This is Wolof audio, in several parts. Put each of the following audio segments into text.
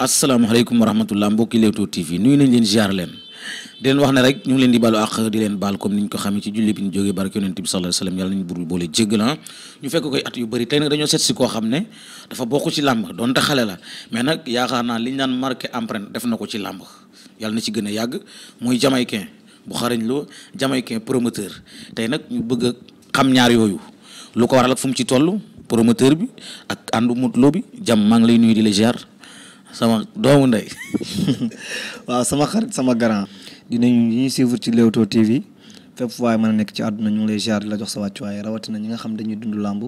asalaamaaleykum wa rahmatullah mbokki Leewtoo TV nuyu nañ leen ziar leen di leen wax ne rek ñu ngi leen di baalu àq di leen baal comme niñ ko xamee ci julli bi ñu jógee barke yonent bi sallallahu alayhi wasallam yàlla nañu bur boole jéggal ah. ñu fekk koy at yu bëri tey nag dañoo seet si koo xam ne dafa bokk ci làmb donte xale la mais nag yaakaar naa liñ naan marqué empreinte def na ko ci làmb yàlla na ci gën a yàgg muy jamaïcain bu xarañ loo jamaïcain promoteur tey nag ñu bëgg a xam ñaar yooyu lu ko waral ak fu mu ci toll promoteur bi ak àndu motuloo bi jam maa ngi lay nuyu di la ziar sama doomu ndey waaw sama xarit sama grand dinañu ñu ñuy suivre ci Leewtoo TV fépp waaye mën a nekk ci àdduna ñu ngi lay ziar di la jox sa waaye rawatina ñi nga xam dañuy dund làmb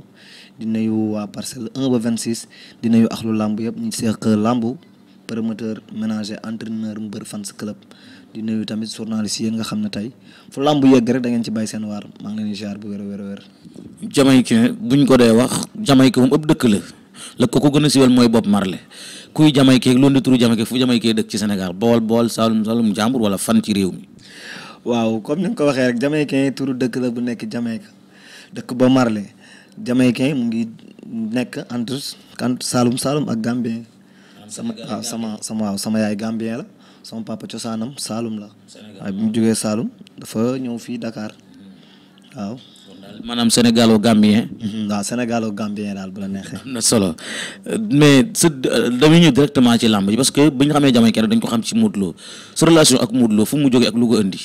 di nuyu waa parcelle 1 ba 26 di nuyu lu làmb yëpp ñu seq làmb promoteur ménager entraîneur mbër fans club di nuyu tamit journaliste yéen nga xam ne tey fu làmb yegg rek da ngeen ci bàyyi seen waar maa ngi leen di ziar bu wér a wér a wér. Jamaïcain buñ ko dee wax Jamaïque moom ëpp dëkk la la ko ko gën a siwel mooy Bob Marley kuy jamaykee loolu di turu jamaykee fu jamaykee dëkk ci Sénégal bool bool Saalum Saalum jàmbur wala fan ci réew mi. waaw comme ni nga ko waxee rek jamaykee turu dëkk la bu nekk Jamaïque dëkk ba Marley jamaykee mu ngi nekk entre entre Saalum Saalum ak Gambien. sama waaw sama yaay Gambien la sama papa cosaanam Saalum la. waaye bi mu jógee Saalum dafa ñëw fii Dakar hmm. waaw. daal maanaam sénégalo gambien mhm, waaw sénégalo gambien daal bu la neexee am solo mais sa dañuy ñëw directement ci làmb ji parce que bu ñu xamee jamay kenn dañ ko xam ci Modou Lo sa relation ak Modou Lo fu mu jógee ak lu ko indi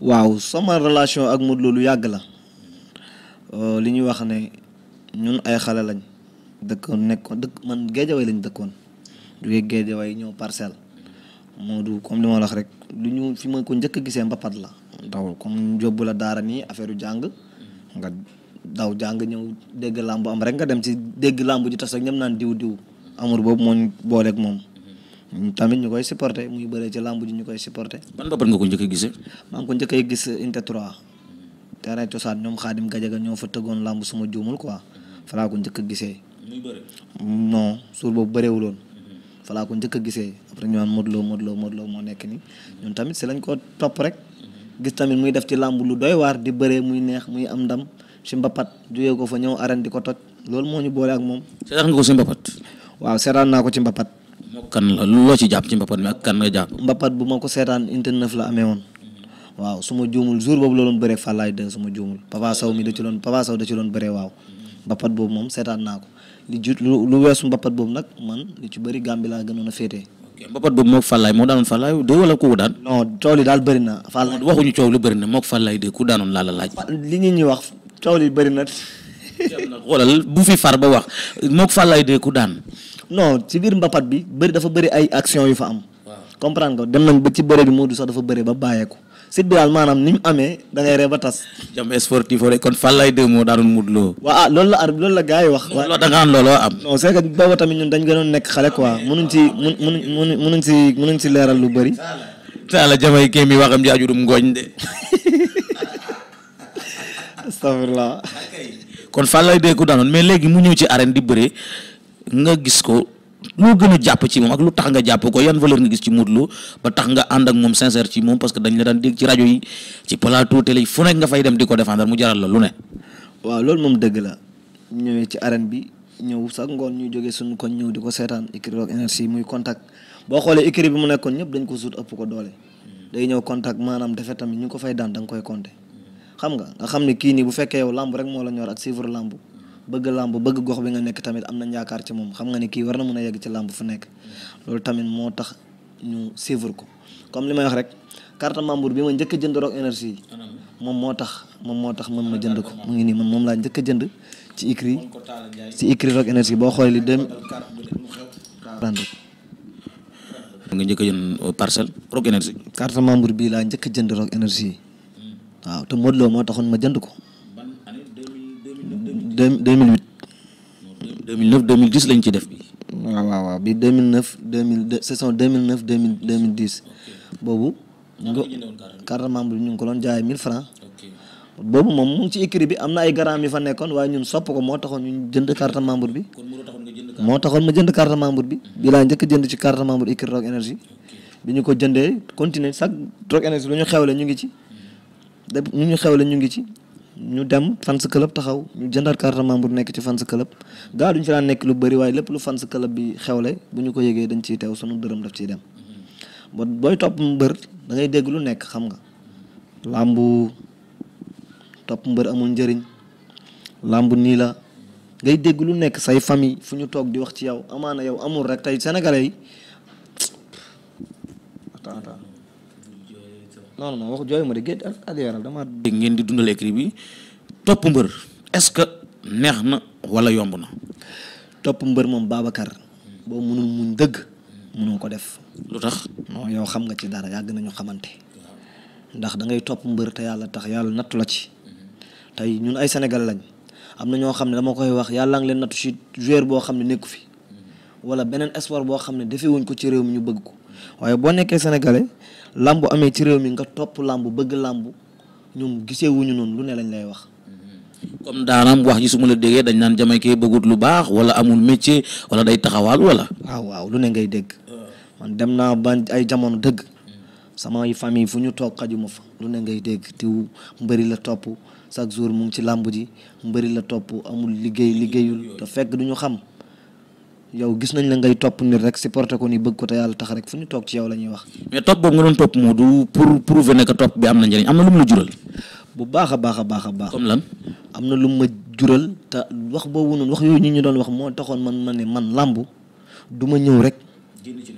waaw sama relation ak Modou Lo lu yàgg la euh, li ñuy wax ne ñun ay xale lañ dëkkoon nekkoon dëkk man géejawaay lañ dëkkoon jógee géejawaay ñëw parcelle Modou comme li ma la rek lu ñu fi ma ko njëkk gisee mbapat la dawul comme yóbbu la daara nii affaire jàng nga daw jàng ñëw dégg làmb am rek nga dem ci dégg làmb ji tas ak ñoom naan diw diw amur boobu moo ñu booleeg moom mhm. tamit ñu koy supporté muy bëree ci làmb ji ñu koy supporté. ban mbappat nga ko njëkk a gisee. ngi ko njëkk a gis inte 3 terrain cosaan ñoom xaadim gajaga ñoo fa tëggoon làmb suma juumul ko falaa ko njëkk gisee. no bëri. non suur boobu bëreewuloon. Mhm. falaa ko njëkk gisee après ñu naan Modou Lo Modou Lo moo nekk nii ñun tamit si lañ ko topp rek. gis tamit muy def ci làmb lu doy waar di bëree muy neex muy am ndam ci mbapat jugee ko fa ñëw arène di ko toj loolu moo ñu boole ak moom. seetaan nga ko si mbapat. waaw seetaan naa ko ci mbapat. moo kan la loo ci jàpp ci mbapat mi kan nga jàpp. mbapat bu ma ko seetaan interneuf la amee woon. waaw suma ma jour boobu la doon bëree Fallaye de su ma juumul Papa Sow mi da ci doon Papa Sow da ci doon bëree waaw. mbapat boobu moom seetaan naa ko li ju lu weesu mbapat boobu nag man li ci bëri Gàmbi laa gënoon a féetee. mbapat boobu moog Fallaye moo daanoon Fallaye de wala ku daan. non coow li daal bëri na. Fallaye waxuñu coow lu bëri na moog Fallaye de ku daanoon laa li nit ñi wax coow li bëri na. xoolal bu fi far ba wax moog Fallaye de ku daan. non ci biir mbapat bi bëri dafa bëri ay action yu fa am. comprendre nga dem nañ ba ci bëre bi du sax dafa bëre ba bàyyeeku. site bi daal maanaam ni mu amee da ngay a ba tas. jam sportif kon fan lay deux moo daanoon Modou Lo. waaw ah loolu la ar la gars yi wax. waaw da nga am looloo am. o c'est que booba tamit ñun dañ gënoon nekk xale quoi mënuñ ci mun mun si leeral lu bëri. saa la jamay kee mi waxam ji ajurum ngooñ de. astafurlah. kon fan lay dee ku daanoon mais léegi mu ñëw ci arène di bëre nga gis ko. moo gën a jàpp ci moom ak lu tax nga jàpp ko yan valeur nga gis ci Modou Lo ba tax nga ànd ak moom sincère ci moom parce que dañ la daan dégg ci rajo yi ci plateau télé fu fay dem di ko défendre mu jaral la lu waaw loolu moom dëgg la ñëwee ci arène bi ñëw sax ngoon ñu jógee suñu koñ ñëw di ko seetaan écurie Rock Énergie muy contact boo xoolee écurie bi mu nekkoon ñëpp dañ ko suut ëpp ko doole. day ñëw contact maanaam defee tamit ñu ko fay daan da nga koy compter. xam nga nga xam ne kii nii bu fekkee yow lamb rek moo la ñor ak suivre lamb bëgg làmb bëgg gox bi nga nekk tamit am na ñaakaar ci moom xam nga ni kii war na mën a yegg ci làmb fu nekk loolu tamit moo tax ñu suivre ko comme li may wax rek carte membre bi ma njëkk a jënd Rock moom moo tax moom moo tax man ma jënd ko mu ngi nii man moom laa njëkk a jënd ci écrit ci écrit Rock Énergie boo xoolee li dem nga njëkk a jënd euh, parcelle Rock Énergie bii laa njëkk a jënd Rock Énergie waaw te Modou Lo moo taxoon ma jënd ko deux deux mille huit. deux mille neuf deux mille dix lañ ci def. waaw waaw waaw bi deux mille neuf deux mille deux saison deux mille neuf dix boobu. ñu ngi membre bi ñu ngi ko doon jaay mil francs boobu moom mu ci écrit bi am na ay garam yu fa nekkoon waaye ñun sopp ko moo taxoon ñu jënd carte membre bi moo taxoon ma jënd carte membre bi bi laa njëkk jënd ci carte membre écrit Rock Énergie bi ñu ko jëndee continuer chaque Rock Énergie lu ñu xewle ñu ngi ci ñu mm. ñu xewle ñu ngi ci ñu dem fans club taxaw ñu jëndal carte membre nekk ci fans club gaa duñ fi daan nekk lu bëri waaye lépp lu fans club bi xewle bu ñu ko yëgee dañ ciy teew sunu dërëm daf ciy dem ba booy topp mbër da ngay dégg lu nekk xam nga làmbu topp mbër amul njëriñ làmbu nii la ngay dégg lu nekk say famille fu ñu toog di wax ci yow amaana yow amul rek tey sénégalais yi non non wax jooyu ma de géej adiyaaral dama dégg ngeen di dundalee écrit bi topp mbër est-ce que neex na wala yomb na topp mbër moom Babacar boo mënul muñ dëgg mënoo ko def lu tax non yow xam nga ci dara yàgg nañu xamante ndax da ngay topp mbër te yàlla tax yàlla nattu la ci tey ñun ay Sénégal lañ am na ñoo xam ne dama koy wax yàlla ngi leen nattu ci joueur boo xam ne nekku fi wala beneen espoir boo xam ne defewuñ ko ci réew mi ñu bëgg ko waaye boo nekkee sénégalais làmb amee ci réew mi nga topp làmb bëgg làmb ñoom gisee wuñu noonu lu ne lañ lay wax. Mm-hmm. comme daanaam wax ji su ma la déggee dañ naan jamaykee bëggut lu baax wala amul métier wala day taxawaal wala. waaw ah, waaw lu ne ngay dégg. man dem naa ba ay jamono dëgg. samay famille fu ñu toog xajuma fa. lu ne ngay dégg tiw mbëri la topp chaque jour mu ngi ci làmb ji mbëri la topp amul liggéey liggéeyul te fekk du ñu xam. yow gis nañ la ngay topp nit rek supporté ko ni bëgg ko te yàlla tax rek fu ñu toog ci yow la ñuy wax. mais topp boobu moo du pour prouver ne que bi am na njëriñ am na lu bu baax a baax a baax a baax. comme lan am na lu ma jural te wax boobu wax ñu ñu doon wax moo taxoon man ma ne man làmb du ma ñëw rek.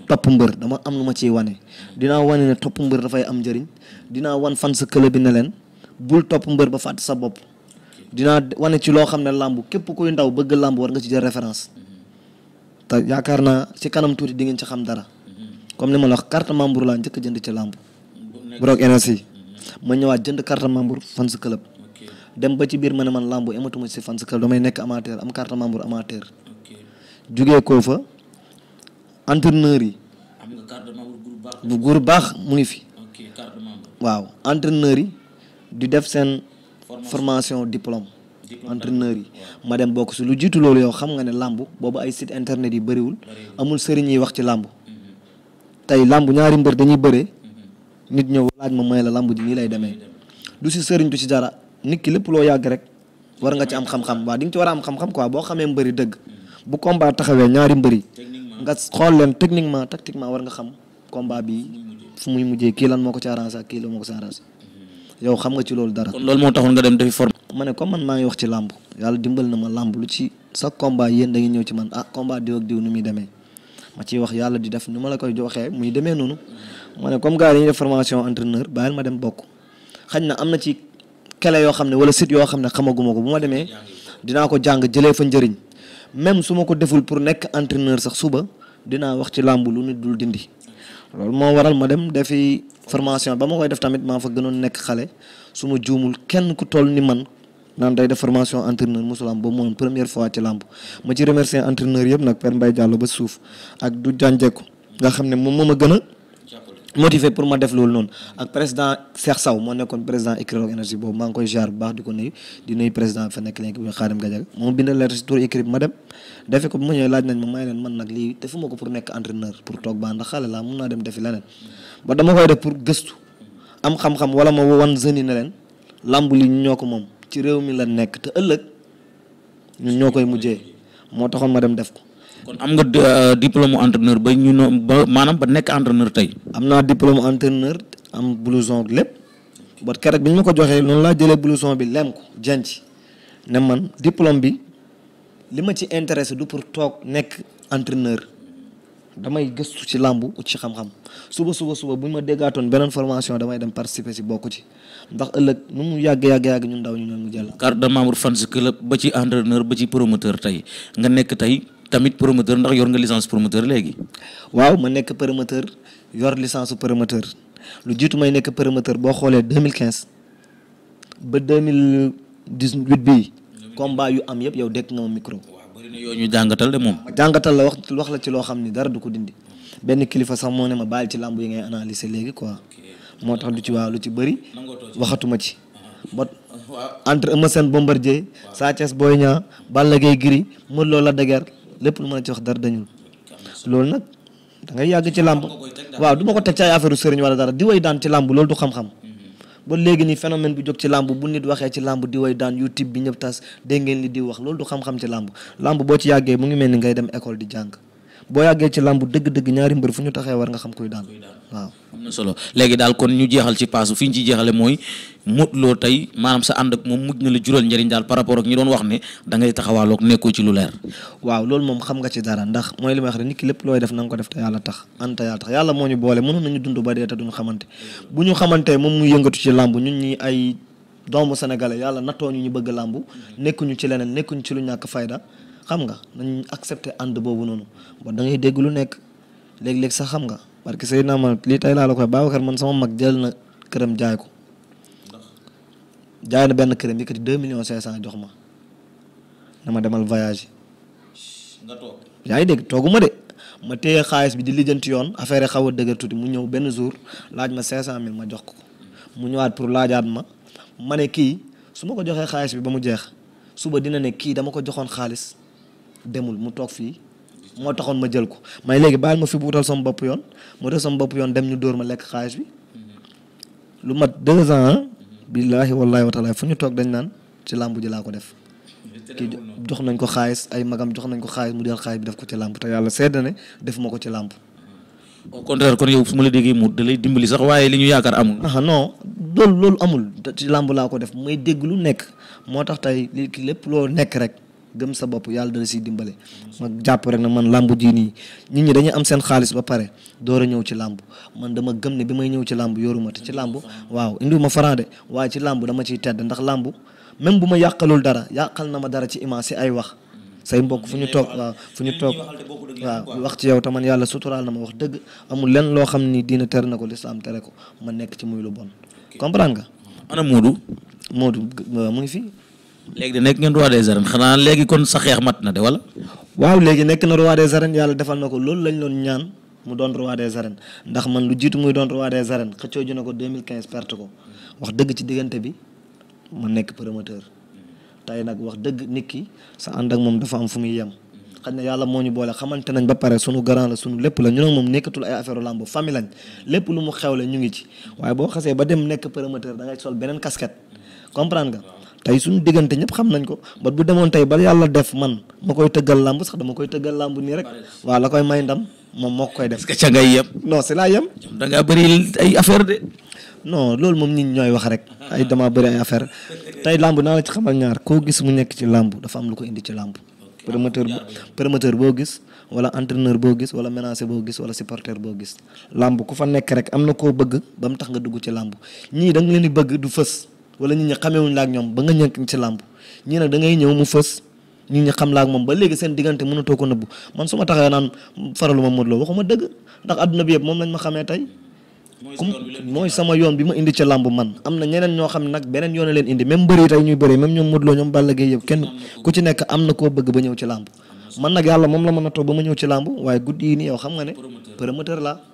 topp mbër dama am lu ma ciy wane. dinaa wane ne topp mbër dafay am njëriñ dinaa wan fan sa club leen bul topp mbër ba fàtte sa bopp. dinaa wane ci loo xam ne làmb képp kuy ndaw bëgg làmb war nga ci jël référence. te yaakaar naa si kanam tuuti di ngeen ci xam dara comme li ma la wax carte membre laa njëkk jënd ci làmb Brock Énergie ma ñëwaat jënd carte membre fans club dem ba ci biir ma ne man làmb ematuma ci fans club damay nekk amateur am karta membre amateur jugee koo fa entraîneur yi bu góor baax mu ngi fi waaw entraîneur yi di def seen formation diplôme entraîneur yi ma dem bokk si lu jiitu loolu yow xam nga ne làmb boobu ay site internet yi bëriwul amul sëriñ yi wax ci làmb mm-hmm. tey làmb ñaari mbër dañuy bëree mm-hmm. nit ñëw laaj ma may la làmb ji nii lay demee du si du si dara nit ki lépp loo yàgg rek war nga ci am xam-xam mm-hmm. waa di nga ci war a am xam-xam quoi boo xamee mbëri dëgg bu combat taxawee ñaari mbëri nga xool leen techniquement tactiquement war nga xam combat bi fu muy mujjee kii lan moo ko ci arrangé ak moo ko ci arrangé yow xam nga ci loolu dara. loolu moo taxoon nga dem defi forme. ma ne comme man maa ngi wax ci làmb yàlla dimbal na ma làmb lu ci sa combat yéen da ngeen ñëw ci man ah combat diw ak diw nu muy demee ma ciy wax yàlla di def nu ma la koy joxee muy demee noonu ma ne comme gars yi dañuy def formation entraîneur bàyyil ma dem bokk xañ na am na ci kele yoo xam ne wala site yoo xam ne xamaguma ko bu ma demee dinaa ko jàng jëlee fa njëriñ même su ma ko deful pour nekk entraîneur sax suba dinaa wax ci làmb lu nit dul dindi. loolu moo waral ma dem defi formation ba ma koy def tamit maa fa gënoon nekk xale su ma juumul kenn ku toll ni man naan day def formation entraîneur musul am boobu mooy première fois ci làmb ma ci remercier entraîneur yëpp nag Père Mbaye Diallo ba suuf ak du jànjeeku nga xam ne moom moom a gën a motivé pour ma def loolu noonu ak président Cheikh Saw moo nekkoon président écurie Rock Énergie boobu maa ngi koy jaar bu baax di ko nuyu di nuyu président fa nekk léegi bi Xaadim Gadiaga moom bindal lettre si tur écurie bi ma dem defe ma ñëwee laaj nañ may leen man nag lii defuma ko pour nekk entraîneur pour toog baa ndax xale laa mun naa dem defi leneen ba dama koy def pour gëstu am xam-xam wala ma wan jeunes yi ne leen lamb li ñoo ko moom ci réew mi la nekk te ëllëg ñun ñoo koy mujjee moo taxoon ma dem def ko kon am nga euh, diplôme entraîneur ba ñu no ba maanaam ba nekk entraîneur tey. am naa diplôme entraîneur am blouson lépp ba keroog bi ma ko joxee noonu laa jëlee blouson bi lem ko jën ci ne man diplôme bi li ma ci intéressé du pour toog nekk entraîneur. damay gëstu ci làmb ci xam-xam suba suba suba bu ñu ma beneen formation damay dem participer si bokk ci ndax ëllëg nu mu yàgg yàgg yàgg ñun ndaw ñu ñoom ñu jël. carte de membre fans club ba ci entraîneur ba ci promoteur tey nga nekk tey tamit promoteur ndax yor nga licence promoteur léegi. waaw ma nekk promoteur yor licence promoteur lu jiitu may nekk promoteur boo xoolee 2015 ba 2018 bii. combat yu am yëpp yow dekk nga ma micro. waaw bëri ñu jàngatal de moom. jàngatal la wax wax la ci loo xam ni dara du ko dindi benn kilifa sax moo ne ma bàyyi ci làmb yi ngay analyser léegi quoi moo tax lu ci waaw lu ci bëri waxatuma ci. Uh-huh. ba entre Eumeu Sène Bombardier Sa Thiès Boy Niang Balla Gaye Gris Modou Lo Lac de Guiers lépp lu ma ci wax dara dañul loolu nag da ngay yàgg ci lamb waaw du ma ko teg ci ay affaire sëriñ wala dara di way daan ci làmb loolu du xam-xam ba léegi nii phénomène bi jóg ci làmb bu nit waxee ci làmb di way daan youtube bi ñëpp tas dégg ngeen li di wax lool du xam-xam ci làmb lamb boo ci yàggee mu ngi mel ni ngay dem école di jàng boo yàggee ci làmb dëgg-dëgg ñaari mbër fu ñu taxee war nga xam kuy daal waaw. am solo léegi daal kon ñu jeexal ci paasu fii ñu ci jeexale mooy Modou Lo tey maanaam sa ànd ak moom mujj na la jural njëriñ daal par rapport ak ñi doon wax ne da ngay taxawaaloog lu leer. waaw loolu moom xam nga ci dara ndax mooy li may wax rek nit ki lépp looy def na nga ko def te yàlla tax ànd moo ñu boole mënoon nañu dund ba dee te duñu xamante bu ñu xamante moom mu yëngatu ci làmb ñun ñi ay doomu sénégalais yàlla nattoo ñu ñu bëgg làmb mm-hmm. nekkuñu ci leneen nekkuñu ci lu ñàkk fayda xam nga nañ accepté ànd boobu noonu ba da ngay dégg lu nekk léeg-léeg sax xam nga parce que naa ma lii tey laa la koy Babacar man sama mag jël na këram jaay ko jaay na benn këram yëkkati deux millions cent jox ma na demal voyage yaa ngi dégg toogu ma de ma téye xaalis bi di lijjanti yoon affaire xaw a dëgër tuuti mu ñëw benn jour laaj ma cinq cent mille ma jox ko mu ñëwaat pour laajaat ma ma ne kii su ma ko joxee xaalis bi ba mu jeex suba dina ne kii dama ko joxoon xaalis demul mu toog fii moo taxoon ma jël ko may léegi baal ma fi bu wutal sama bopp yoon mu def sama bopp yoon dem ñu dóor ma lekk xaalis bi lu mat deux ans billaahi wallaahi wa taala fu ñu toog dañ naan ci làmb ji laa ko def kii jox nañ ko xaalis ay magam jox nañ ko xaalis mu jël xaalis bi def ko ci làmp te yàlla sedd na ne def ko ci làmp au contraire kon yow su ma la déggee mu da lay dimbali sax waaye li ñu yaakaar amul ah non loolu loolu amul ci làmb laa ko def may dégg lu nekk moo tax tey li lépp loo nekk rek gëm sa bopp yàlla dana siy dimbale ma jàpp rek na man làmb ji nii nit ñi dañu am seen xaalis ba pare door a ñëw ci làmb man dama gëm ne bi may ñëw ci làmb yoruma te ci làmb waaw indiwuma faraan de waaye ci làmb dama ciy tedd ndax làmb même bu ma yàqalul dara yàqal na ma dara ci image si ay wax say mbokk fu ñu toog waaw fu ñu toog wax ci yow te man yàlla suturaal na ma wax dëgg amul lenn loo xam ni diina ter na ko lislaam tere ko ma nekk ci muy lu bon léegi de nekk ngeen roi des arènes xanaa léegi kon sa xeex mat na de wala. waaw léegi nekk na roi des arènes yàlla defal na ko loolu lañ loon ñaan mu doon roi des arènes ndax man lu jiitu muy doon roi des arènes xëccoo ju na ko 2015 perte ko wax dëgg ci diggante bi ma nekk promoteur tey nag wax dëgg nit ki sa ànd ak moom dafa am fu muy yem. xaj na yàlla moo ñu boole xamante nañ ba pare sunu grand la sunu lépp la ñu ne moom nekkatul ay affaire làmb famille lépp lu mu xewle ñu ngi ci waaye boo xasee ba dem nekk promoteur da ngay sol beneen casquette comprendre nga. tey suñu diggante ñëpp xam nañ ko bat bu demoon tey ba yàlla def man ma koy tëggal làmb sax dama koy tëggal làmb nii rek waa la koy may ndam moom moo koy def. est-ce ca ngay yem. non si laa yem. da ngaa bëri ay affaire de. non loolu moom nit ñooy wax rek ay dama bëri ay affaire tey làmb naa la ci xamal ñaar koo gis mu nekk ci làmb dafa am lu ko indi ci làmb. promoteur promoteur boo gis wala entraîneur boo gis wala ménager boo gis wala supporter boo gis làmb ku fa nekk rek am na koo bëgg ba tax nga dugg ci làmb ñii wala nit ñi xamewuñ la ak ñoom ba nga ñëkk ci làmb ñii nag da ngay ñëw mu fës nit ñi xam la ak moom ba léegi seen diggante mënatoo ko nëbbu man su ma taxawee naan faralu ma Modou Lo waxuma dëgg ndax adduna bi yëpp moom lañ ma xamee tey mooy sama yoon bi ma indi ca làmb man am na ñeneen ñoo xam ne nag yoon leen indi même bëri tey ñuy bëri même ñoom Modou Lo ñoom Balla Gaye kenn ku ci nekk na koo bëgg ba ñëw ci làmb man nag yàlla moom la mën a toog ba ma ñëw ci làmb waaye guddi yi nii yow xam nga ne promoteur la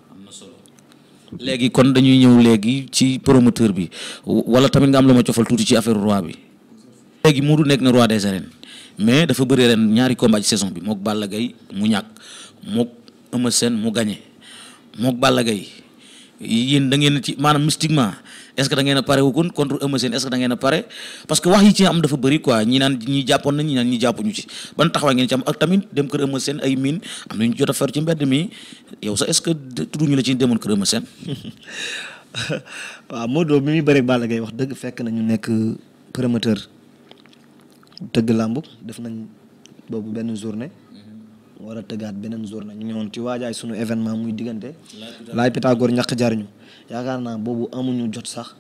léegi kon dañuy ñëw léegi ci promoteur bi wala tamit nga am la ma cofal tuuti ci affaire roi bi léegi Modou nekk na roi des arènes mais dafa bëri ren ñaari combat ci saison bi mook Balla Gaye mu ñàkk mook Eumeu Sène mu gagné mook Balla Gaye yéen da ngeen ci maanaam mystiquement est-ce que da ngeen a pare wukun contre Eumeu Sène est-ce que da a pare parce que wax yi ci am dafa bëri quoi ñi naan ñi jàppoon na ñi naan ñi jàppuñu ci ban taxawaay ngeen ci am ak tamit dem kër Eumeu Sène ay miin am nañu jot a fer ci mbedd mi yow sax est-ce que tudduñu la ci demoon kër Eumeu Sène waaw Modou Lo mi muy bëri Balla Gaye wax dëgg fekk na ñu nekk promoteur dëgg làmb def nañ boobu benn journée war a tëggaat beneen na ñu woon ci waajaay sunu événement muy diggante laay Pythagore ñàkk jariñu yaakaar naa boobu amuñu jot sax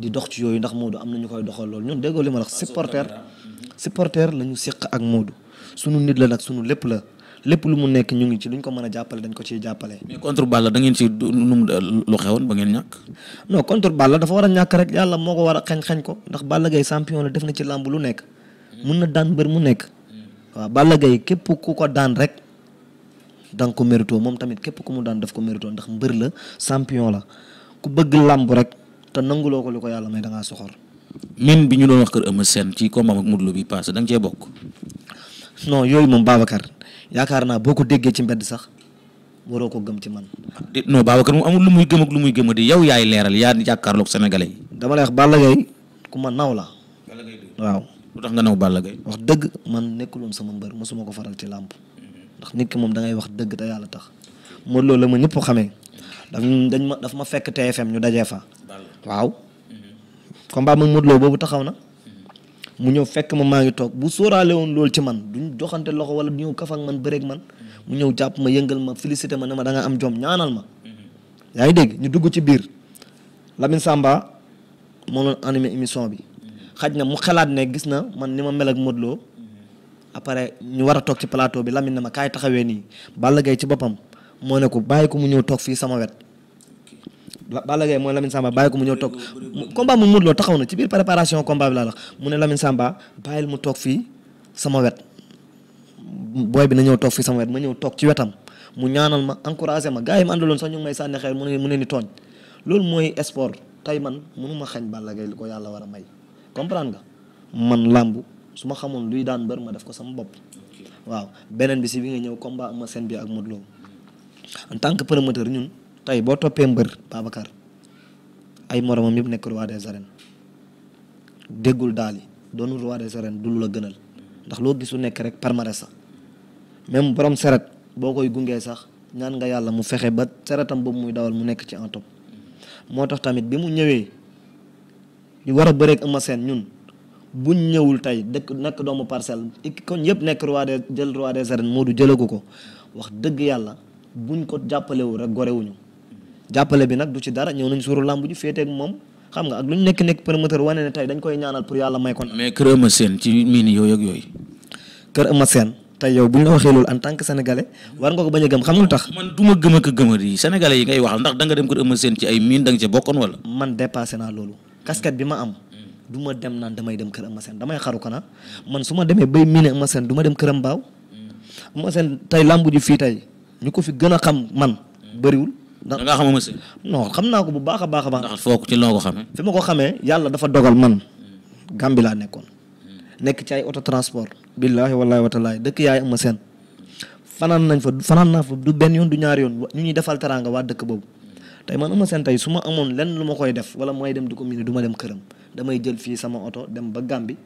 di dox ci yooyu ndax Modou am na ñu koy doxal lool ñun li ma wax supporter mhm. supporter la ñu seq ak Modou sunu nit la nag sunu lépp la lépp lu mu nekk ñu ngi ci lu ñu ko mën a jàppale dañ ko ciy jàppale. mais contre Balla da ngeen ci lu xewoon ba ngeen ñàkk. no contre Balla dafa war a ñàkk rek yàlla moo ko war a xañ xañ ko ndax Balla gay champion la def na ci làmb lu nekk. Mhm. mun na daan mbër mu nekk. waaw Balla Gaye képp ku ko daan rek danga ko mérito moom tamit képp ku mu daan def ko mérito ndax mbër la champion la ku bëgg làmb rek te nangu loo ko lu ko yàlla may da ngaa soxor. bi ñu doon wax kër Eumeu Sène ci combat ak Modou Lo bi passé da nga cee bokk. non yooyu moom Babacar yaakaar naa boo ko déggee ci mbedd sax waroo ko gëm ci man. non baabakar mu amul lu muy gëm ak lu muy gëm di yow yaay leeral yaa jàkkaarloog sénégalais yi. dama lay wax Balla Gaye ma naw la. lu tax nga naw Balla Gaye wax dëgg man nekkuloon sama mbër mosuma ko faral ci làmb ndax nit ki moom da wax dëgg te yàlla tax Modou Lo la ma ñëpp xamee daf dañ ma daf ma fekk TFM ñu dajee fa waaw mhm. combat moom Modou Lo boobu taxaw na mu ñëw fekk ma maa ngi toog bu sóoraale woon loolu ci man duñ joxante loxo wala du ñëw kaf man bëreeg man mu ñëw jàpp ma yëngal ma félicité ma ne ma da am jom ñaanal ma mhm. yaa ngi ñu dugg ci biir Lamine Samba moo doon animé émission bi xaj na mu xalaat ne gis na man ni ma mel ak Modou Lo ñu war a toog ci plateau bi Lamine na ma kaay taxawee nii Balla Gaye ci boppam moo ne ko bàyyi ko mu ñëw toog fii sama wet Balla Gaye mooy Lamine Samba bàyyi mu ñëw toog combat mu Modou taxaw na ci biir préparation combat bi laa la mu ne Lamine Samba bàyyil mu toog fii sama wet booy bi na ñëw toog fii sama wet ma ñëw toog ci wetam mu ñaanal ma encouragé ma gars yi ma àndaloon sax ñu ngi may sànni xeer mu ne ni tooñ loolu mooy sport tey man mënuma xañ Balla Gaye li ko yàlla war a may comprendre ga man làmb su ma xamoon luy daan mbër ma def ko sama bopp waaw beneen bi si bi nga ñëw combat Eumeu Sène bi ak Modou Lo en tant que promoteur ñun tey boo toppee mbër Babacar ay moromam yëpp nekk roi des arènes déggul daal yi doonul roi des arènes la gënal ndax loo gisu nekk rek palmarès sax même borom seret boo koy gungee sax ñaan nga yàlla mu fexe ba seretam boobu muy dawal mu nekk ci en moo tax tamit bi mu ñëwee ñu war a bëreeg Eumeu Sène ñun buñ ñëwul tey dëkk nekk doomu parcelle kon yëpp nekk roi des jël roi des moo Modou jëlagu ko wax dëgg yàlla buñ ko jàppalewul rek gorewuñu jàppale bi nag du ci dara ñëw nañ suuru làmb ji féeteeg moom xam nga ak lu ñu nekk nekk promoteur wane ne tey dañ koy ñaanal pour yàlla may kon mais kër Eumeu Sène ci miin yooyu ak kër Eumeu Sène tey yow bu ñu la waxee loolu en tant que sénégalais war nga ko bañ a gëm xam nga lu tax man du ma gëm ak a gëma ndax da nga dem kër Eumeu ci ay miin da nga ca bokkoon wala naa loolu casquette bi ma am. du ma dem naan damay dem kër Eumeu Sène damay xaru kana man su ma demee bay miné Eumeu Sène du ma dem këram baaw. Eumeu Sène tey làmb ji fii tey ñu ko fi gën a xam man bëriwul. da nga xam Eumeu Sène. non xam naa ko bu baax a baax baax. ndax foo ci loo ko xamee. fi ma ko xamee yàlla dafa dogal man. Gàmbi laa nekkoon. nekk ci ay auto transport. billaahi wallaahi wataalaahi dëkk yaay Eumeu Sène fanaan nañ fa fanaan naa fa du benn yoon du ñaar yoon ñu ñuy defal teraanga waa dëkk boobu. tey man ma Sène tey su ma amoon lenn lu ma koy def wala mooy dem du ko miné du ma dem këram damay jël fii sama oto dem ba Gàmbi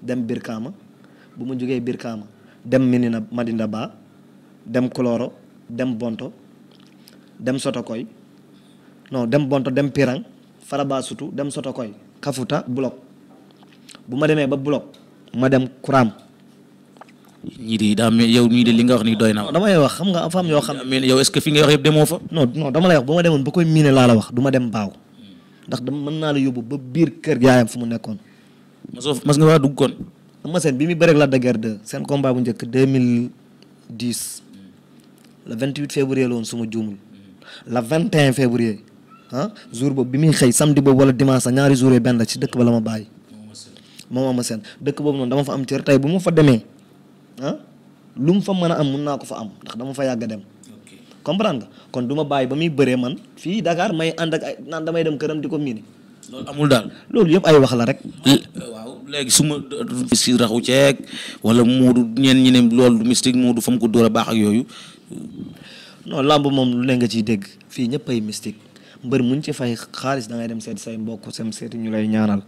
dem Birkaama bu ma jógee Birkaama dem Minina Madina Ba dem Koloro dem Bonto dem soto koy non dem Bonto dem Pirang Faraba Sutu dem soto koy Kafuta Bloc bu ma demee ba Bloc ma dem Kuram ñii di daa mel yow ñii de li nga wax nii doy na. dama lay wax xam nga femme yoo xam. mais yow est-ce que fi nga wax yëpp demoo fa. non non dama lay wax ba ma demoon ba koy miine laa la wax du ma dem baaw ndax dama mën naa la yóbbu ba biir kër yaayam fu mu nekkoon. mosoo mas nga wax dugg kon. ama seen bi muy bëreeg la de guerre de seen combat bu njëkk 2010 le 28 février la woon su ma juumul le 21 février ah jour boobu bi muy xëy samedi boobu wala dimanche sax ñaari jours yi benn la ci dëkk ba la ma bàyyi. moom ama seen dëkk boobu noonu dama fa am cër tey bu ma fa demee. ah lu mu fa mën a am mun naa ko fa am ndax dama fa yàgg dem. comprendre kon du ma bàyyi ba muy bëree man fii dakaar may ànd ak ay naan damay dem këram di ko miini. loolu amul daal. loolu yëpp ay wax la rek. waaw léegi su ma. si raxu ceeg wala Moodu ñeen ñi ne loolu du mystique Moodu fa mu ko dóor a baax ak yooyu. non làmb moom lu ne nga ciy dégg fii ñëpp ay mystique mbër muñ ci fay xaalis da ngay dem seeti say mbokk sem seeti ñu lay ñaanal.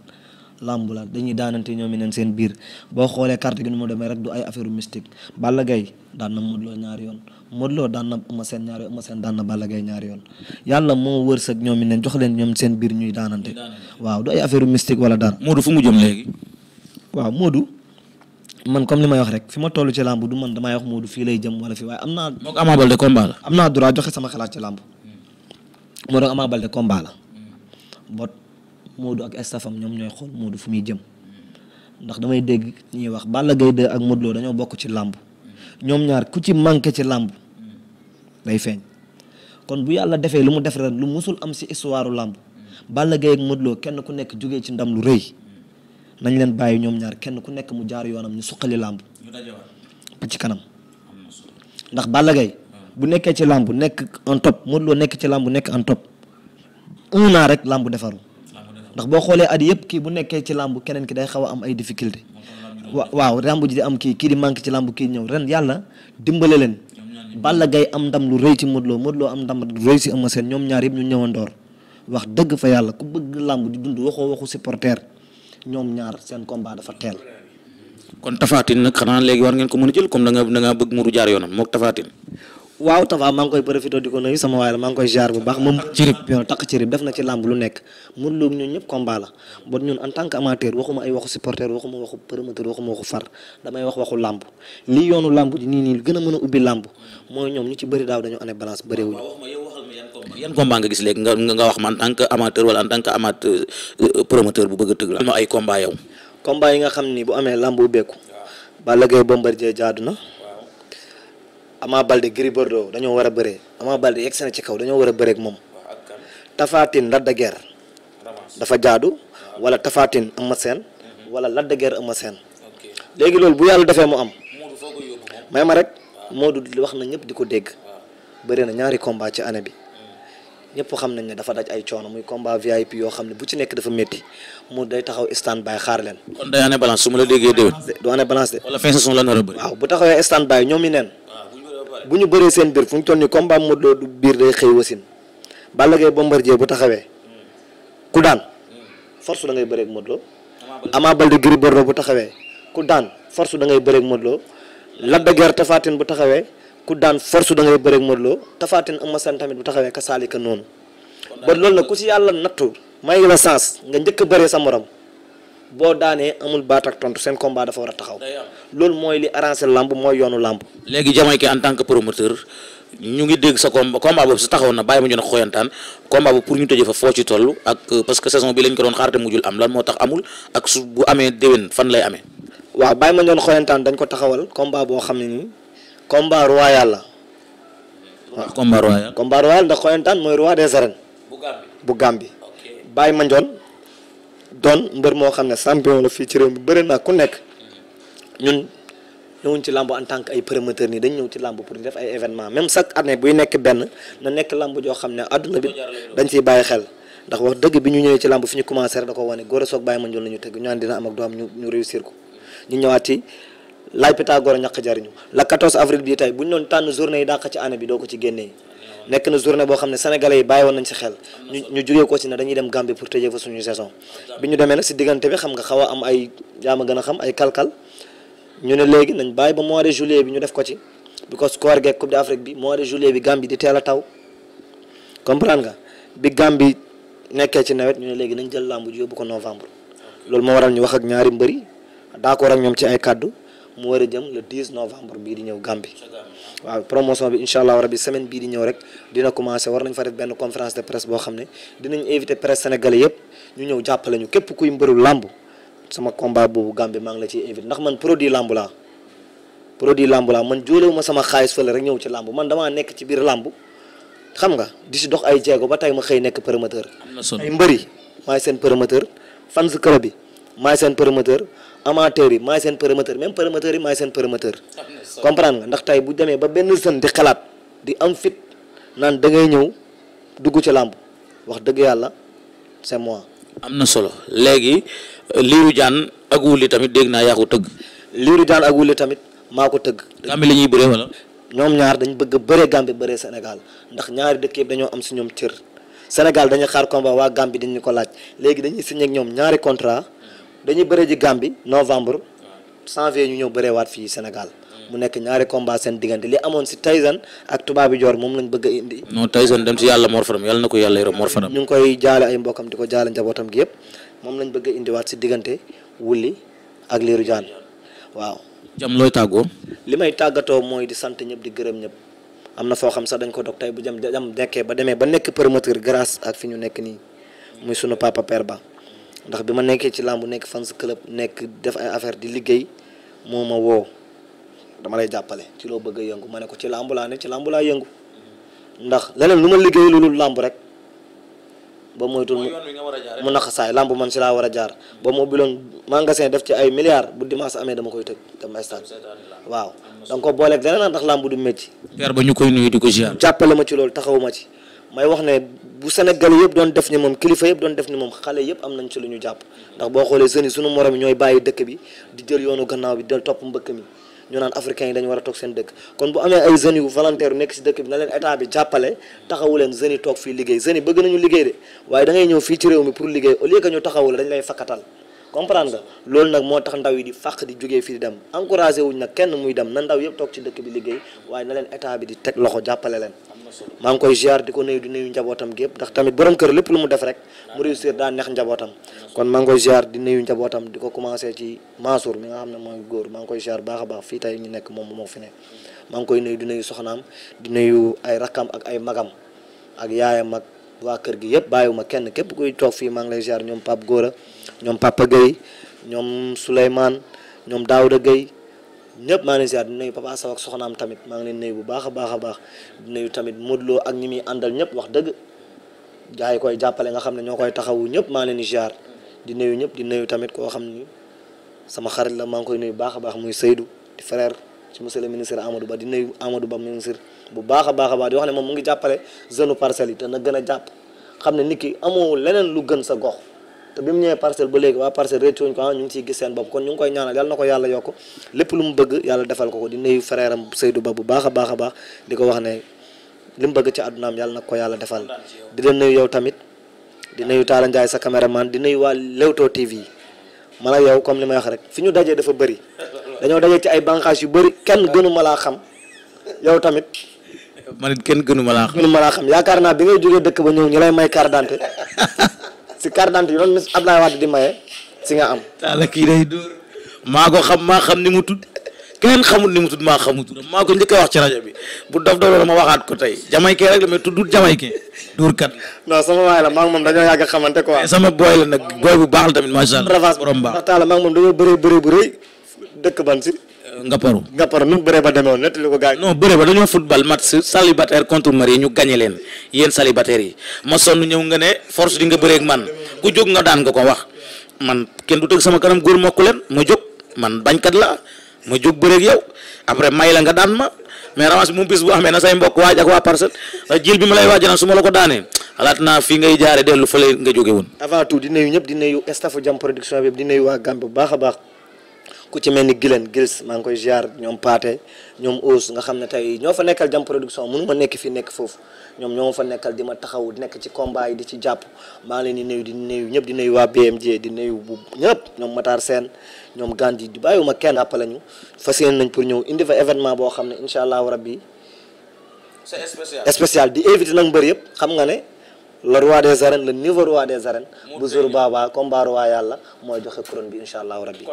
làmb la dañuy daanante ñoom neen seen biir boo xoolee carte gi nu mu demee rek du ay affaire mystique Balla Gaye daan na Modou Lo ñaari yoon Modou Lo daan yoon Eumeu Sène daan na Balla Gaye ñaari yoon yàlla ñoom neen jox leen ñoom seen biir ñuy daanante waaw du ay affaire mystique wala dara. Modou fu mu jëm léegi. waaw man comme li may wax rek fi ma toll ci làmb du man damay wax Modou fii lay jëm wala fii waaye am naa. moog Ama Baldé am naa droit joxe sama xalaat ci làmb. moo doon Ama Baldé combat la. Hmm. Modou ak estafam ñoom ñooy xool Modou fu muy jëm ndax damay dégg ñuy wax Balla Gaye 2 ak Modou dañoo bokk ci làmb ñoom ñaar ku ci manqué ci làmb day feeñ kon bu yàlla defee lu mu def ren lu musul am si histoire làmb Balla Gaye ak kenn ku nekk jógee ci ndam lu rëy nañ leen bàyyi ñoom ñaar kenn ku nekk mu jaar yoonam ñu suqali làmb ba ci kanam ndax Balla ah. bu nekkee ci làmb nekk en top nekk ci làmb nekk en top un rek làmb defaru ndax boo xoolee at yëpp kii bu nekkee ci làmb keneen ki day xaw am ay difficulté wa waaw làmb ji di am kii kii di manque ci làmb kii ñëw ren yàlla dimbale leen Balla gay am ndam lu rëy ci Modou Lo Modou Lo am ndam lu rëy ci Eumeu Sène ñoom ñaar yëpp ñu ñëwandoor wax dëgg fa yàlla ku bëgg làmb di dund waxoo waxu supporter ñoom ñaar seen combat dafa teel kon Tapha Tine nag xanaa léegi war ngeen ko mën a jël comme da nga da bëgg mu du jaar yoonam moo Tapha waaw Tafa maa koy profité di ko nuyu sama waay la maa koy jaar bu baax moom cirib yow na ci làmb lu nekk mun loolu ñun ñëpp combat la bon ñun en tant que amateur waxuma ay waxu supporter waxuma yoonu làmb ji nii nii gën a mën a ubbi làmb mooy ñoom ñu ci bëri daaw dañu ane balance bëriwuñu yan combat nga gis léegi nga nga wax ma en tant que amateur wala en tant que amateur euh, euh, promoteur bu bëgg a tëgg la ma ay combat yow yi nga xam ni bu amee làmb ubbeeku Balla Gaye Bombardier jaadu na Ama Balde Gris Bordeaux dañoo war a bëree Ama Balde yegg seen ci kaw dañoo war a bëree moom Tafatine Lac de dafa jaadu wala tafaatin Eumeu Sène mhm. wala Lac de Guiers Eumeu léegi loolu bu yàlla defee mu am may ma rek Modou wax na ñëpp di ko dégg ah. bëri na ñaari combat ci année bi mm. ñëpp xam nañ ne dafa daj ay coono muy combat VIP yoo xam ne bu ci nekk dafa métti mu day taxaw stand xaar leen. kon day année balance su la déggee de. wala fin saison la nar bu ñu bëree seen biir fu ñu toll nii combat Modou Lo du biir day xëy wasin Balla Gaye Bombardier bu taxawee ku daan force da ngay bëreeg Modou Lo Ama Baldé bu taxawee ku daan force da ngay bëreeg Modou Lo Lac de Guiers bu taxawee ku daan force da ngay bëreeg Modou Lo Tapha Tine Eumeu tamit bu taxawee ka saalika noonu ba loolu nag ku si yàlla nattu may la sens nga njëkk a bëree sa morom boo daanee amul baat ak tontu seen combat dafa war a taxaw loolu mooy li arrangé lamb mooy yoonu lamb léegi Jamaïcain en tant que promoteur ñu ngi dégg sa combat combat boobu sa taxaw na bàyyi ma ñu ne xoyantaan combat boobu pour ñu tëjee foo ci toll ak euh, parce que saison ko doon xaar te mujjul am lan moo tax amul ak su bu amee déwén fan lay amee waaw bàyyi ma ñoon xoyantaan dañ ko taxawal combat boo xam ne nii combat royal la waaw combat royal combat royal ndax xoyantaan mooy roi des arènes bu Gambie bu Gambie ma ñoon doon mbër moo xam ne champion la fii ci réew mi bëri naa ku nekk ñun ñëwuñ ci làmb en tant que ay promoteur nii dañ ñëw ci làmb pour def ay événement même chaque année buy nekk benn na nekk làmb joo xam ne àdduna bi dañ ciy bàyyi xel ndax wax dëgg bi ñu ñëwee ci làmb fi ñu commencé da ko wane góor a soog bàyyi ma njool la ñu tëgg ñu naan dina am ak du am ñu ñu réussir ko ñu ñëwaat ci laay Pythagore ñaq jariñu la 14 avril bii tey bu ñu doon tànn journée yi dàq ci année bi doo ko ci génnee nekk na journée boo xam ne sénégalais yi bàyyi woon nañ si xel ñu ñu jógee ko si ne dañuy dem Gambie pour tëjee fa suñu saison bi ñu demee nag si diggante bi xam nga xaw am ay yaa ma gën a xam ay kalkal ñu ne léegi nañ bàyyi ba mois de juillet bi ñu def ko ci because koor geeg coupe d'Afrique bi mois de juillet bi Gambie di teel a taw comprendre nga bi Gambie nekkee ci nawet ñu ne léegi nañ jël làmb ji ko novembre loolu moo waral ñu wax ak ñaari mbëri d'accord ak ñoom ci ay kàddu mu war a jëm le 10 novembre bii di ñëw Gàmbi waaw promotion bi incha allah bi semaine bii di ñëw rek dina commencé war nañ fa def benn conférence de presse boo xam ne dinañ invité presse sénégalais yëpp ñu ñëw jàppale ñu képp kuy mbëru làmb sama combat boobu Gàmbi maa ngi la ci invité ndax man produit làmb laa produit làmb laa man jóolewuma sama xaalis fële rek ñëw ci làmb man damaa nekk ci biir làmb xam nga di si dox ay jéego ba tey ma xëy nekk promoteur ay mbëri maay seen promoteur fans club bi maay seen promoteur amateurs yi maay seen promoteur même promoteurs yi maay seen promoteur comprendre nga ndax tey bu demee ba benn sën di xalaat di am fit naan dangay ñëw dugg ci làmb wax dëgg yàlla c'est mois am na solo léegi euh, Lirou Diane ak Wouly tamit dégg naa yaa ko tëgg. Lirou Diane ak Wouly tamit maa ko tëgg. Gambie la ñuy bëree wala. ñoom ñaar dañ bëgg a bëree Gambie bëree Sénégal ndax ñaari dëkk yëpp dañoo am si ñoom cër Sénégal dañu xaar combat waa Gambie dañu ko laaj léegi dañuy signé ñoom ñaari contrat dañuy bëre ji Gambie novembre janvier ñu ñëw waat fii Sénégal mu nekk ñaari combat seen diggante li amoon si Tyson ak tubaabi joor moom lañ bëgg a indi. non Tyson dem si yàlla Mor Fadam yàlla na ko yàlla yërëm Mor Fadam. ñu ngi koy jaale ay mbokkam di ko jaale njabootam gi yëpp moom lañ bëgg a indiwaat si diggante wulli ak liiru jaan waaw. jam looy tàggoo. li may tàggatoo mooy di sant ñëpp di gërëm ñëpp am na foo xam sax dañ ko dog tey bu jam jam dekkee ba demee ba nekk promoteur grâce ak fi ñu nekk nii muy sunu papa père ba. ndax bi ma nekkee ci làmb nekk fans club nekk def ay affaire di liggéey moo ma woo dama lay jàppale ci loo bëgg yëngu ma ne ko ci làmb laa ne ci làmb laa yëngu ndax leneen lu ma liggéey loolu làmb rek ba moytul mu saay làmb man si laa war a jaar ba mu ubbiloon magasin def ci ay milliards bu dimanche amee dama koy tëj dem stade waaw danga ko booleeg leneen ndax làmb du métti père ba ñu jàppale ma ci loolu taxaw ma ci may wax ne bu Sénégal yëpp doon def ni moom kilifa yëpp doon def ni moom xale yëpp am nañ ci lu ñu jàpp ndax boo xoolee jeunes yi sunu morom yi ñooy bàyyi dëkk bi di jël yoonu gannaaw bi di topp mbëkk mi ñu naan africains yi dañu war a toog seen dëkk kon bu amee ay jeunes yu volontaire nekk si dëkk bi na leen état bi jàppale taxawu leen jeunes yi toog fii liggéey jeunes bëgg nañu liggéey de waaye da ñëw fii ci réew mi pour liggéey au lieu que ñu taxawu lay fakkatal comprendre nga loolu nag moo tax ndaw yi di fàq di jógee fii di dem encouragé wuñ nag kenn muy dem na ndaw yëpp toog ci dëkk bi liggéey waaye na leen état bi di teg loxo jàppale leen maa ngi koy ziar di ko nuyu di nuyu njabootam gépp ndax tamit borom kër lépp lu mu def rek mu réussir daa neex njabootam kon maa koy ziar di nuyu njabootam di ko commencé ci Mansour mi nga xam ne mooy góor maa ngi koy ziar baax baax fii tey ñu nekk moom moo fi ne maa ngi koy nuyu di nuyu soxnaam di nuyu ay rakkam ak ay magam waa kër gi yëpp bàyyiwuma kenn képp kuy toog fii maa ngi lay ziar ñoom Pape Gora ñoom Papa Gueye ñoom Souleymane ñoom Daouda Gueye ñëpp maa ngi lay ziar di nuyu Papa Sow ak maa ngi leen nuyu bu baax a baax a baax di nuyu tamit Modou ak ñi muy àndal ñëpp wax dëgg gars koy jàppale nga xam ne ñoo koy taxawu ñëpp maa leen di ziar di nuyu ñëpp di nuyu tamit koo xam ni sama xarit la maa ngi koy nuyu baax a baax muy Seydou di ci monsieur le ministre Amadou Ba di nuyu Amadou Ba ministre bu baax a baax a baax di wax ne moom mu ngi jàppale jeune parcelles yi te gën a jàpp xam ne nit amoo leneen lu gën sa gox te bi mu ñëwee parcelle ba léegi waa parcelle réccuñ ko ah ñu ngi lépp lu mu bëgg yàlla defal ko ko di nuyu frère am Ba bu baax a baax a baax di wax ne li mu bëgg ci àddunaam yàlla na ko yàlla defal di leen nuyu yow tamit di nuyu Talla Ndiaye sa caméraman di nuyu waa Leewtoo TV man ak yow comme li ma wax rek fi ñu dajee dafa bëri dañoo daje ci ay bànqaas yu bëri kenn gënu ma laa xam yow tamit. man it kenn gënu ma laa xam. ma laa xam yaakaar naa bi ngay jógee dëkk ba ñëw ñu lay may carte d'identité si carte d'identité yu doon mis Abdoulaye si nga am. taala kii day dóor maa ko xam maa xam ni mu tudd kenn xamul ni mu tudd maa xamul turam maa ko njëkk wax ci rajo bi bu dof dof la ma waxaat ko tey jamaykee rek la mais tuddut jamaykee dóor kat. non sama waay la maa ngi moom dañoo yàgg a xamante quoi. sama booy la nag booy bu baax la tamit macha allah. maa moom dañoo bëree bëree bu dëkk ban si. Ngaparu Ngaparu nu bëre ba demee woon nettali a gars dañoo football match célibataire contre mari ñu gagné leen yéen célibataire yi ma sonn ñëw nga ne force di nga bëreeg man ku jóg nga daan nga ko wax man kenn du tëgg sama kanam góor mokk leen ma jóg man bañkat la ma jóg bëreeg yow après may la nga daan ma mais revanche bi mu bis bu amee na say mbokk waaj ak waa parcelle jil bi ma lay waaj na su ma la ko daanee. xalaat naa fii ngay jaare dellu fële nga di di nuyu staff Jam Production ku ci mel ni Gilen Gils maa ngi koy ziar ñoom Paate ñoom Ous nga xam ne tey ñoo fa nekkal jam production mënu ma nekk fii nekk foofu ñoom ñoo fa nekkal di ma taxaw nekk ci combat yi di ci jàpp maa ngi leen di new di nuyu ñëpp di nuyu waa BMJ di nuyu bu ñëpp ñoom Matar seen ñoom Gandhi di bàyyiwuma kenn jàppale ñu fa yéene nañ pour ñëw indi fa événement boo xam ne incha allahu rabbi. c'est spécial spécial di éviter nag mbër yëpp xam nga ne. le roi des arènes le nouveau roi des arènes bu jour baaba combat roi yàlla mooy joxe couronne bi incha allahu rabbi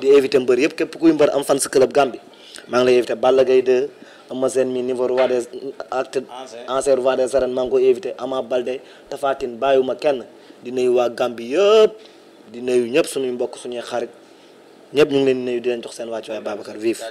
di éviter mbër yëpp képp kuy mbër am fan sa club Gambie maa ngi lay éviter Balla Gaye 2 Ama seen mi niveau roi des acte ancien roi des arènes maa ngi koy éviter Ama Baldé Tapha kenn di nuyu waa gàmbi yëpp di nuyu ñëpp suñuy mbokk suñuy xarit ñëpp ñu ngi leen di nuyu di leen jox seen wàccuwaay Babacar vive